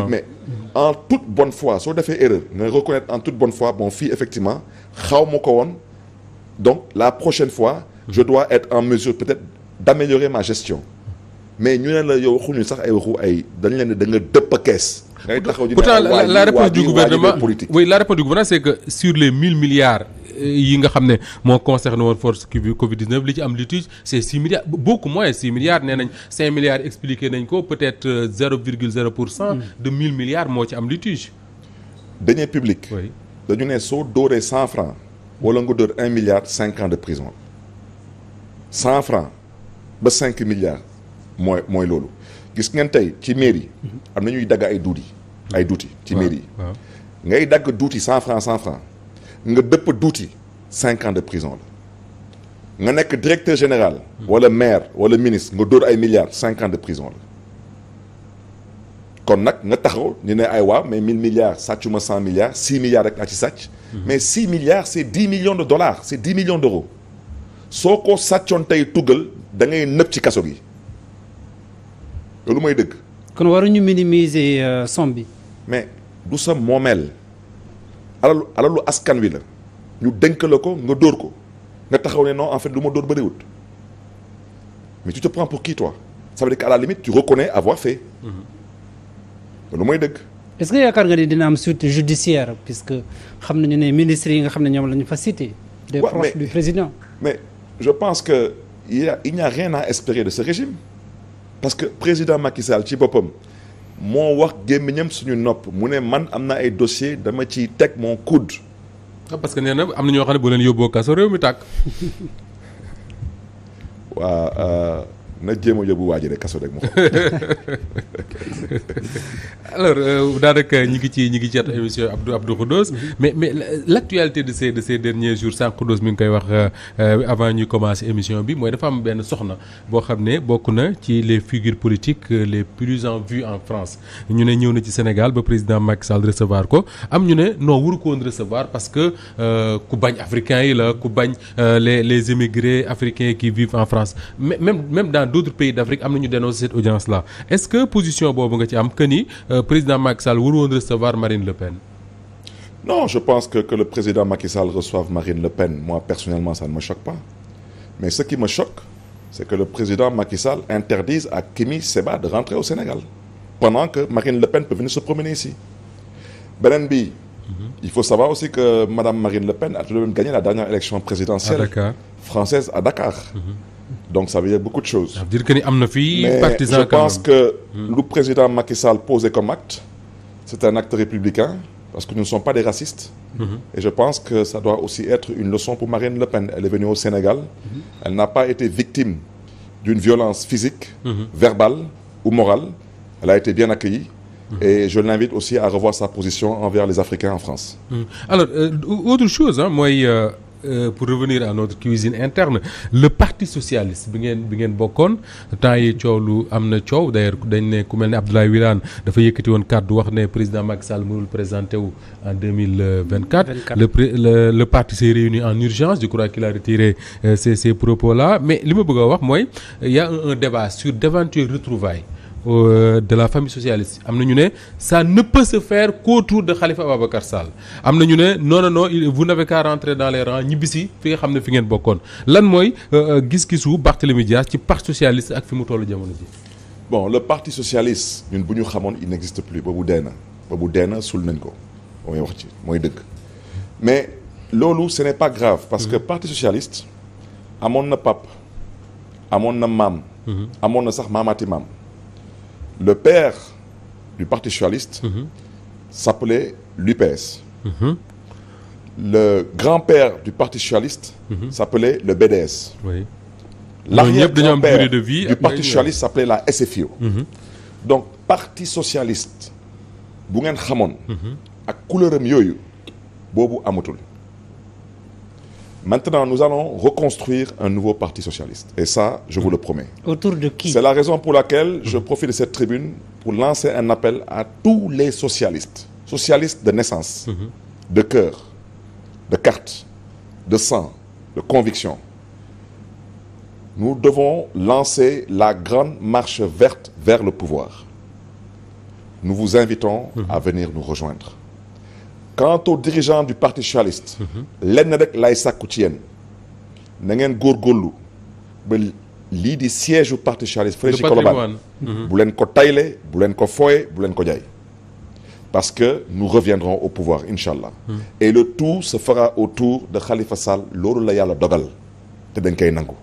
effectivement mais en toute bonne fois soo defee erreur nga reconnaître en toute bonne foi bon fii effectivement xaw ma ko woon donc la prochaine fois je dois être en mesure peut-être d'améliorer ma gestion mais ñu ne la yow waxuñu sax ay waxu ay dañu leen ne da dëpp a kees. ngay taxaw pourtant la réponse du gouvernement la réponse du gouvernement c'est que sur les mille milliards. yi nga xam ne moo concerné woon force Covid 19 li ci am litige c' est six milliards beaucoup moins six milliards nee nañ milliards expliqué nañ ko peut être euh, zéro virgule zéro pour cent de mille milliards moo ci am litige. deniers publics. oui dañu ne soo dóoree cent wala nga dóor un milliard cinq de prison cent franc ba cinq milliards mooy mooy loolu gis ngeen tey ci mairie am na ñuy dagg ay duuti ay duuti ci mairie ngay dagg duuti cent franc cent franc. nga dëpp duuti cinq de prison la nga nekk directeur général wala maire wala ministre nga dóor ay milliards cinquante de prison la kon nag nga taxaw ni ne ay waa mais mille milliards sàccuma cent milliards six milliards rek laa ci sàcc mhm. mais six milliards c'est dix millions de dollars c'est dix millions d'euros soo ko saccoon tey tuggal da ngay nëb ci kaso gi loolu mooy dëgg kon waruñu minimiser euh, somme bi mais du sa moomeel alalu alalu askan wi la ñu dénk la ko nga dóor ko nga taxaw ne non en fait lu ma dóor bëriwut mais tu te prends pour kii toi ça veut dire qu'à la limite tu reconnais avoir fait. Mm-hmm. loolu mooy dëgg. est-ce yaakaar nga ni dina am suite judiciaire puisque xam nañu ne ministre yi nga xam ne ñoom la ñu fa cité. des ouais, proches du président. mais je pense que il y a il n'y a rien à espérer de ce régime parce que président Macky ci boppam. moo wax gémmiñam suñu nopp mu ne man am na ay dossier dama ciy teg mon coude. Ah, parce que nee na am na ñoo xam ne bu leen yóbboo kaso réew mi tàkk. waa. Euh, na jéem a yóbbu waa ji rek kaso rek mu xam. alors euh, daanaka ñi ngi ci ñi ngi ci émission Abdou Abdou Khoudoss. Mm-hmm. mais mais l' actualité de ces de ces derniers jours sànq Khoudoss mi ngi koy wax euh, avant ñuy commencer émission bi mooy dafa am benn soxna boo xam ne bokk na ci les figures politiques euh, les plus en vue en France ñu ne ñëw na ci Sénégal ba président Macky Sall recevoir ko am ñu ne noo waru ko parce que ku bañ africain yi la ku bañ les les émigrés africains qui vivent en France d'autres pays d'Afrique am nañu dénoncé cette audience là est-ce que position boobu nga ci am que ni euh, président Macky Sall waroon recevoir Marine Le Pen. non je pense que que le président Macky Sall reçoive Marine Le Pen moi personnellement ça ne me choque pas mais ce qui me choque c'est que le président Macky Sall interdise à Kémy Séba de rentrer au Sénégal pendant que Marine Le Pen peut venir se promener ici beneen bi. Mhm. il faut savoir aussi que madame Marine Le Pen a tout de même gagné la dernière ah, à Dakar. Mhm. donc ça veut dire beaucoup de choses. ça veut dire que ni na fii partisan mais je pense que lu président Macky Sall comme acte c'est un acte républicain parce que nous ne sommes pas des racistes. Mm-hmm. et je pense que ça doit aussi être une leçon pour Marine Le Pen elle est venue au Sénégal. Mm-hmm. elle n'a pas été victime d'une violence physique. Mm-hmm. verbale ou morale elle a été bien accueillie. et je l'invite aussi à revoir sa position envers les Africains en France. Mm. alors euh, autre chose ah euh, pour revenir à notre cuisine interne le parti socialiste bi ngeen bi ngeen bokkoon temps yi coow lu am na coow d'ailleurs dañ ne ku mel ne Abdoulaye Wilane dafa yëkkati woon kàddu wax ne président Macky Sall mënul présenté wu en 2024 le le le parti s'est réuni en urgence je crois qu'il a retiré euh, ces ces propos là mais li ma bëgg a wax mooy y a un, un débat sur d'éventuelles retrouvailles Euh, de la famille socialiste am na ñu ne ça ne peut se faire qu'autour de Khalifa Ababacar Sall am na ñu ne non non non vous n'avez dans les rangs ñibbisi fi nga xam ne fi ngeen bokkoon lan mooy euh, euh, gis-gisu Barthélémy Dias ci parti socialiste ak fi mu toll jamono ji. bon le parti socialiste ñun bu ñu xamoon il n'existe plus boobu dee na boobu dee na sul nañ ko mooy wax ci mooy dëgg mais loolu ce n'est pas grave parce que mm-hmm. parti socialiste amoon na pap amoon na maam mm-hmm. amoon na sax maamaati maam le père du parti socialiste mmh. s'appelait l'UPS. Mmh. Le grand-père du parti socialiste mhm. s'appelait le BDS. Oui. L'arrière-grand-père du parti socialiste s'appelait la SFIO. Mhm. donc parti socialiste bu ngeen xamoon. Mhm. ak couleuram yooyu boobu amatul. Maintenant, nous allons reconstruire un nouveau parti socialiste. Et ça, je vous le promets. Autour de qui C'est la raison pour laquelle je profite de cette tribune pour lancer un appel à tous les socialistes. Socialistes de naissance, mm -hmm. de cœur, de carte, de sang, de conviction. Nous devons lancer la grande marche verte vers le pouvoir. Nous vous invitons mm -hmm. à venir nous rejoindre. quant aux dirigeants du parti socialiste. lenn rek lay sàkku ci yéen na ngeen góorgóorlu ba lii di siège u parti socialiste fële ci Colobane mhm. bu leen ko tayle bu leen ko fooye bu leen ko jaay parce que nous reviendrons au pouvoir incha allah. Mhm. et le tout se fera autour de Khalifa Sall loolu la yàlla dogal te dañ koy nangu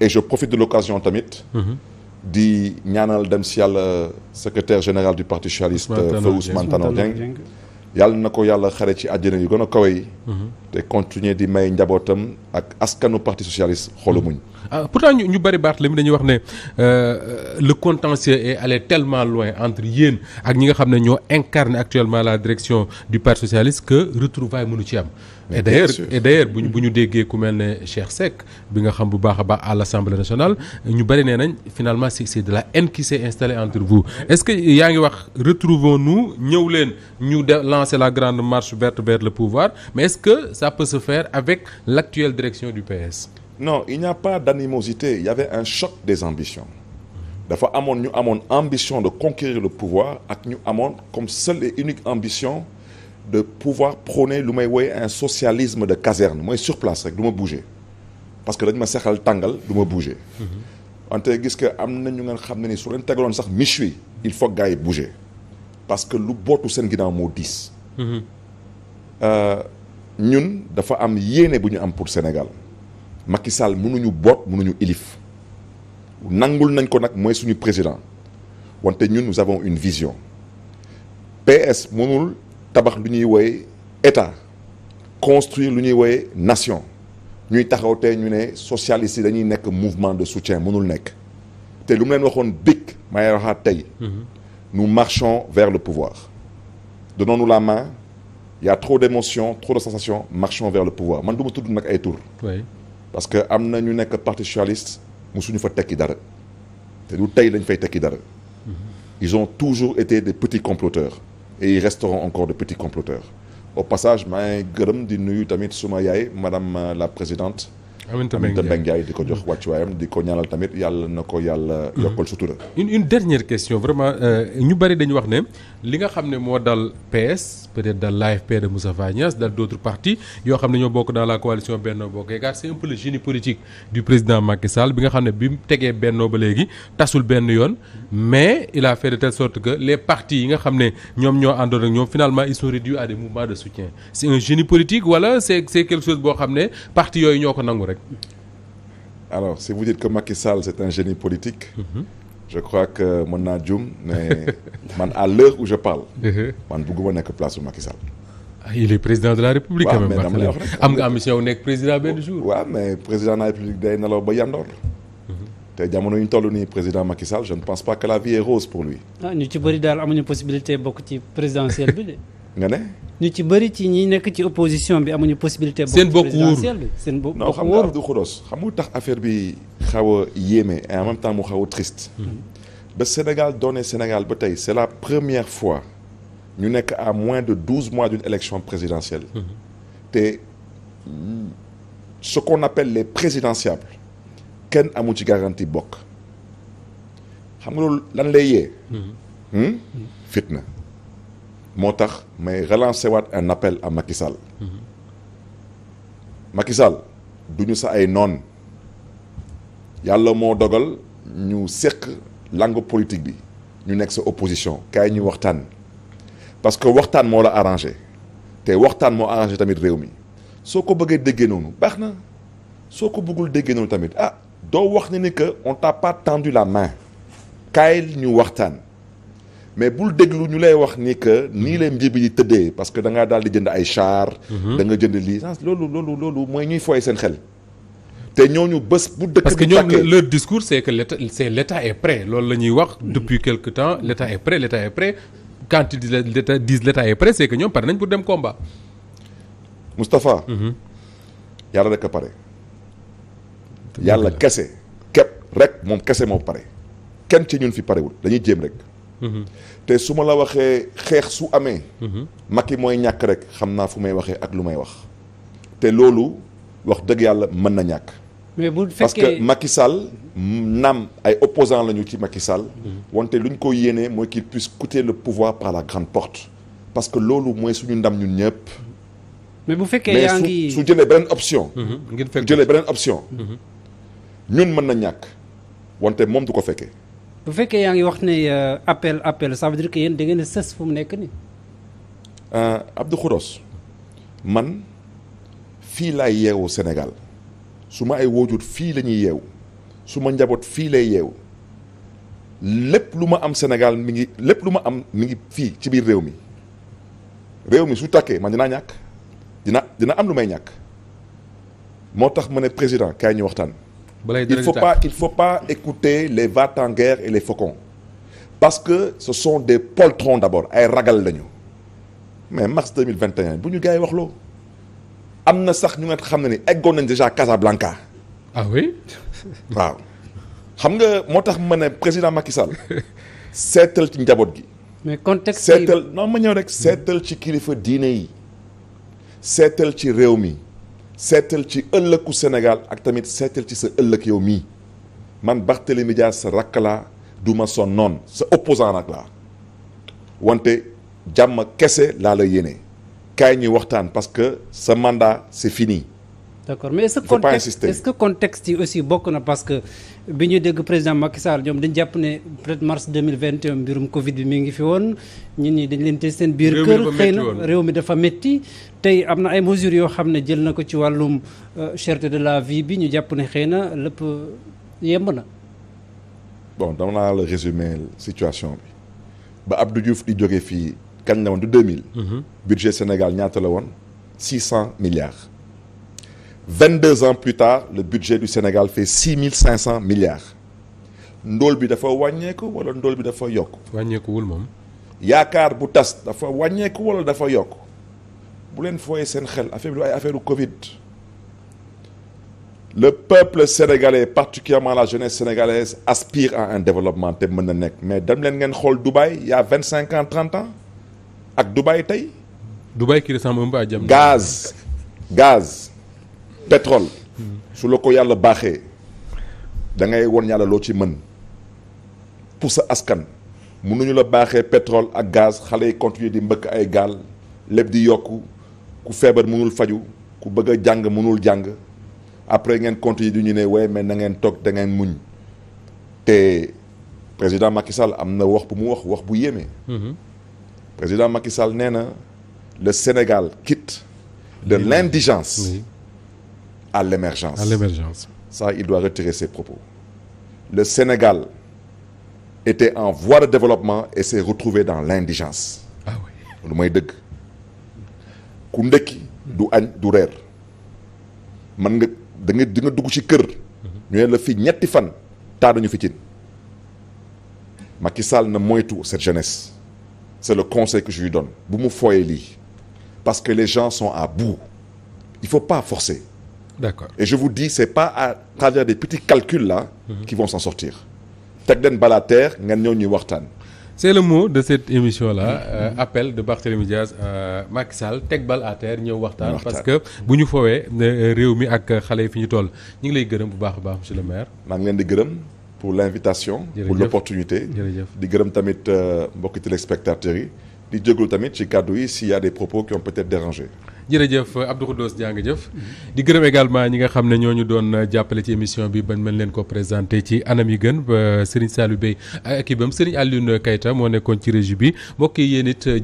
et je profite de l'occasion tamit mhm. di ñaanal dem si yàlla secrétaire général du parti socialiste feu Ousmane Tanor yàlla na ko yàlla xare ci àjjana yi gën a kawe yi. Mhm. te continuer di may njabootam ak askanu parti socialiste xoolu muñ Ah, pourtant ñu ñu bëri Barthélémy dañuy wax ne euh, le contentieux est allé tellement loin entre yéen ak ñi nga xam ne ñoo incarne actuellement la direction du parti socialiste que retrouvaille mënu ci am. et d'ailleurs et d'ailleurs bu ñu bu ñu déggee ku mel ne Cheikh Seck bi nga xam bu baax a baax à l'Assemblée nationale ñu bëri nee nañ finalement c'est la haine qui s'est installée entre vous est-ce que yaa ngi wax retrouvons nu ñëw leen ñu de lancer la grande marche verte vers le pouvoir mais ce que ça peut se faire avec direction du PS non il n'y a pas d'animosité il y avait un choc des ambitions dafa amoon ñu amoon ambition de conquérir le pouvoir ak ñu amoon comme seule et unique ambition de pouvoir prôner lu may woy un socialisme de caserne mooy sur place rek du ma bouger parce que dañ ma sexal tàngal du ma bouger wante gis que am na ñu nga xam ne ni su leen tegaloon sax miche yi il faut gars yi bouger parce que lu bootu seen ginnaaw moo diis mhm. euh, ñun dafa am yéene bu ñu am pour Sénégal Macky Sall mënuñu boot mënuñu ilif nangul nañ ko nag mooy suñu président wante ñun nous avons une vision PS mënul tabax lu ñuy wooye état construire lu ñuy wooye nation ñuy taxaw te ñu ne socialiste si dañuy nekk mouvement de soutien mënul nekk te lu mu leen waxoon dikk may waxaat tey mhm. nous marchons vers le pouvoir donnons-nous la main il y trop d'émotions trop de sensations marchons vers le pouvoir man du ma tudd nag ay tour parce que am na ñu nekk parti socialiste musuñu fa tekki dara te du tey lañ fay tekki dara mm-hmm. ils ont toujours été des petits comploteurs et ils resteront encore des petits comploteurs au passage maa ngi gërëm di nuyu tamit suma yaay madame la présidente Aminata Mbengue Ndiaye di ko jox wàccuwaayam di ko ñaanal tamit yàlla na ko yàlla mhm. yokkal sutura une une dernière question vraiment euh, ñu bari dañu wax ne li nga xam ne moo dal PS peut-être dal l'AFP de Moustapha Niasse dal d'autres partis yoo xam ne ñoo bokk dans la coalition Benno Bokk Yaakaar c'est un peu le génie politique du président Macky Sall bi nga xam ne bi mu tegee Benno ba léegi tasul benn yoon mais il a fait de telle sorte que les partis yi nga xam ne ñoom ñoo àndoon ak ñoom finalement ils wala boo xam ne parti yooyu ñoo ko nangu rek rek alors si vous dites que Macky Sall c'est un génie politique mhm. je crois que mën naa juum mais man à l'heure où je parle mhm. man bëgguma nekk place u Macky Sall ah, il est président de la république quand même am nga ambition nekk président benn jour waaw mais président de la république day nelaw ba yandoor mhm. te jamono ñu toll nii président Macky Sall je ne pense pas que la vie est rose pour lui ah ñu ci bëri daal amuñu possibilité bokk ci présidentielle bi de nga ne ñu ci bëri ci ñi nekk ci opposition bi amuñu possibilité. seen bokk présidentielle bi seen bokk wóorul xam nga Abdou Khouros xam nga tax affaire bi xaw a yéeme et en même temps mu xaw a triste. Mm-hmm. ba Sénégal doone Sénégal ba tey c'est la première fois ñu nekk à moins de douze mois d'une élection présidentielle. Mm-hmm. te ce qu'on appelle les présidentiables kenn amu ci garantie bokk xam nga loolu lan lay yee. Mm-hmm. Hmm? moo tax may relancer waat un appel à Macky Sall. Macky du ñu sa ay noon yàlla moo dogal ñu seq langue politique bi ñu nekk sa opposition kaay ñuy waxtaan parce que waxtaan moo la arrangé te waxtaan moo arrangé tamit réew mi soo ko bëggee déggee noonu baax na soo ko bëggul déggee noonu tamit ah doo wax ne ni que on t'a pas tendu la main kaay ñu waxtaan. mais bul déglu ñu lay wax ni que nii leen mbir bi di tëddee parce que da ngaa daal di jënd ay char mhm. da nga jënd lii loolu loolu loolu mooy ñuy fooy seen xel te ñoo ñu bës bu dëkk parce que ñoom leur discours c'est que l'état c'est l'état est loolu la ñuy wax depuis quelque temps l'état est prêt l'état est prêt quand ils disent l'état est prêt c'est que ñoom pare nañ pour dem combat Moustapha mhm. yàlla rek a pare yàlla kese képp rek moom kese moo pare kenn ci ñun fi parewul dañuy jéem rek Mm-hmm. te su ma la waxee xeex su amee. Mm-hmm. Macky mooy ñàkk rek xam naa fu may waxee ak lu may wax. te loolu wax dëgg yàlla mën na ñàkk. mais bu fekkee parce que Macky Sall naam ay opposants lañu ci Macky sal mm-hmm. wante luñ ko yéenee mooy kii puisse coûter le pouvoir par la grande porte. parce que loolu mooy suñu ndam ñun ñëpp. mais bu fekkee yaa ngi su jëlee beneen option. ngir jëlee beneen option. ñun mën na ñàkk wante moom du ko fekkee. bu fekkee yaa ngi wax ni euh, appel appel ça veut dire que yéen da ngeen a sës fu mu nekk nii. Euh, Abdou Khouros man fii laay yeewu Sénégal su ma ay waajur fii lañuy ñuy yeewu su ma njaboot fii lay yeewu lépp lu ma am Sénégal mi ngi lépp lu ma am mi ngi fii ci biir réew mi réew mi su tàkkee man dinaa ñàkk dina dina am lu may ñàkk moo tax ma ne président kaay ñu waxtaan. il faut pas il faut pas écouter les va t en et les faucons parce que ce sont des poltrons d'abord ay ragal lañu mais mars 2021 bu ñu gars yi wax loo am na sax ñu nga xam na ni eggoon nañ déjà Casablanca. ah oui. waaw xam nga moo tax ma ne président Macky Sall seetal ci njaboot gi. mais contexte seetal non ma ñëw rek seetal ci kilifa diine yi seetal ci réew mi. seetal ci ëllëgu Sénégal ak tamit seetal ci sa ëllëg yow mii man Barthélémy Dias sa rakk laa du ma son noon sa opposant nag laa wante jàmm kese laa la yéene kaay ñuy waxtaan parce que sa mandat c'est fini d'accord mais est-ce que contexte est-ce que contexte yi aussi bokk na parce que bi ñu dégg président Macky Sall ñoom dañ jàpp ne peut-être mars 2021 mbirum Covid bi mi ngi fi woon ñun ñi dañ leen tëj seen biir kër xëy na réew mi dafa métti tey am na ay mesures yoo xam ne jël na ko ci wàllum euh, cherté de la vie bi ñu jàpp ne xëy na lépp euh, yemb na bon dama naa la résumer situation bi ba du Diouf di jóge fii kañ la woon du 2000 mhm. budget Sénégal ñaata la woon 600 milliards deux ans plus tard le budget du Sénégal fait 6500 milliards ndool bi dafa wàññeeku wala ndool bi dafa yokk. wàññeekuwul moom. yaakaar bu tas dafa wàññeeku wala dafa yokk bu leen fooyee seen xel affaire bi ay affaire Covid. le peuple sénégalais particulièrement la jeunesse sénégalaise aspire à un développement te mën na nekk mais dem leen ngeen xool Dubaï il y a vingt cinq ans trente ak Dubaï tey. Dubaï qui ressemble un peu à Djamena. gaz gaz. pétrole su la ko yàlla baaxee da ngay won yàlla loo ci mën pour sa askan mënuñu la baaxee pétrole ak gaz xale yi continuer di mbëkk ay gaal lépp di yokk ku feebar mënul faju ku bëgg a jàng mënul jàng après ngeen continuer du ñu ne waaye mais na ngeen toog da ngeen muñ te président Macky Sall am na wax bu mu wax wax bu yéeme. Mhm. président Macky Sall nee na le Sénégal quitte de l'indigence à l'émergence. À l'émergence. Ça, il doit retirer ses propos. Le Sénégal était en voie de développement et s'est retrouvé dans l'indigence. Ah oui. lu mooy dëgg ku ndekki du añ du reer man nga da nga di dugg ci kër. ñu ne la fii ñetti fan taa dañu fi cin. Macky Sall na moytu cette jeunesse c'est le conseil que je lui donne bu mu fooyee lii parce que les gens son à bout il faut pas forcer. D'accord. Et je vous dis, c'est pas à travers des petits calculs là mm-hmm. qu'ils s'en sortir. teg leen balaa terre nga ñëw ñu waxtaan. C'est le mot de cette émission la euh, appel de Barthélémy Diaz à euh, Macky teg bal à terre ñëw waxtaan parce que bu ñu foowee euh, réew mi ak xale yi fi ñu toll ñu ngi lay gërëm bu baax a baax monsieur le maire maa ngi leen di gërëm pour l'invitation pour l'opportunité di gërëm tamit euh, mbokki téléspectateurs yi di jégalu tamit ci kàddu yi s'il y a des propos qui ont jërëjëf Abdou Khoudoss jaa nga jëf di gërëm également ñi nga xam ne ñoo ñu doon jàppale ci émission bi bañ mën leen ko présenté ci anam yi gën ba Serigne Saliou Bey ak équipe am Serigne Alioune Kayta moo nekkoon ci régie bi mbokk yi yéen